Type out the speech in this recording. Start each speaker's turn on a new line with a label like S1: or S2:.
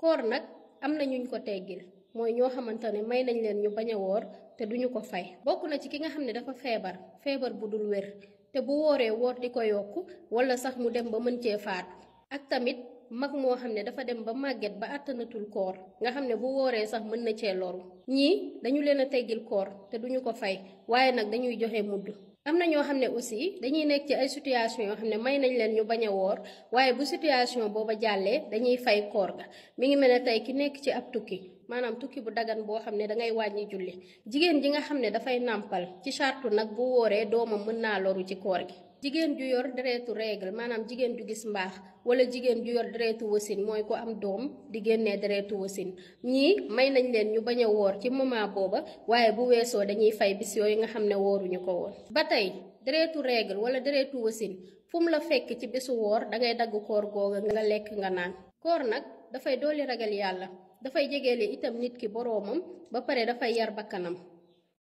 S1: koor nag am na ñuñ ko teggil mooy ñoo xamante ne may nañ leen ñu bañ a woor te du ñu ko fay bokk na ci ki nga xam ne dafa feebar feebar bu dul wér te bu wooree woor di ko yokk wala sax mu dem ba mën cee faatu ak tamit mag moo xam ne dafa dem ba màgget ba àttanatul koor nga xam ne bu wooree sax mën na cee loru ñii dañu leen a teggil koor te duñu ko fay waaye nag dañuy joxe mudd am na ñoo xam ne aussi dañuy nekk ci ay situation yoo xam ne may nañ leen ñu bañ a woor waaye bu situation booba jàllee dañuy fay koor ga mi ngi mel ne tey ki nekk ci ab tukki maanaam tukki bu dagan boo xam ne dangay wàññi julli jigéen ji nga xam ne dafay nàmpal ci sartu nag bu wooree doomam mën naa loru ci koor gi jigéen ju yor deretu règle maanaam jigéen ju gis mbaax wala jigéen ju yor deretu wasin mooy ko am doom di génnee deretu wasin ñii may nañ leen ñu bañ a woor ci moment booba waaye bu weesoo dañuy fay bis yooyu nga xam ne wooruñu ko woon ba tey deretu règle wala deretu wasin fu la fekk ci bésu woor dangay dagg koor googa nga lekk nga naan koor nag dafay dooli ragal yàlla dafay jegeele itam nit ki boroomam ba pare dafay yar bakkanam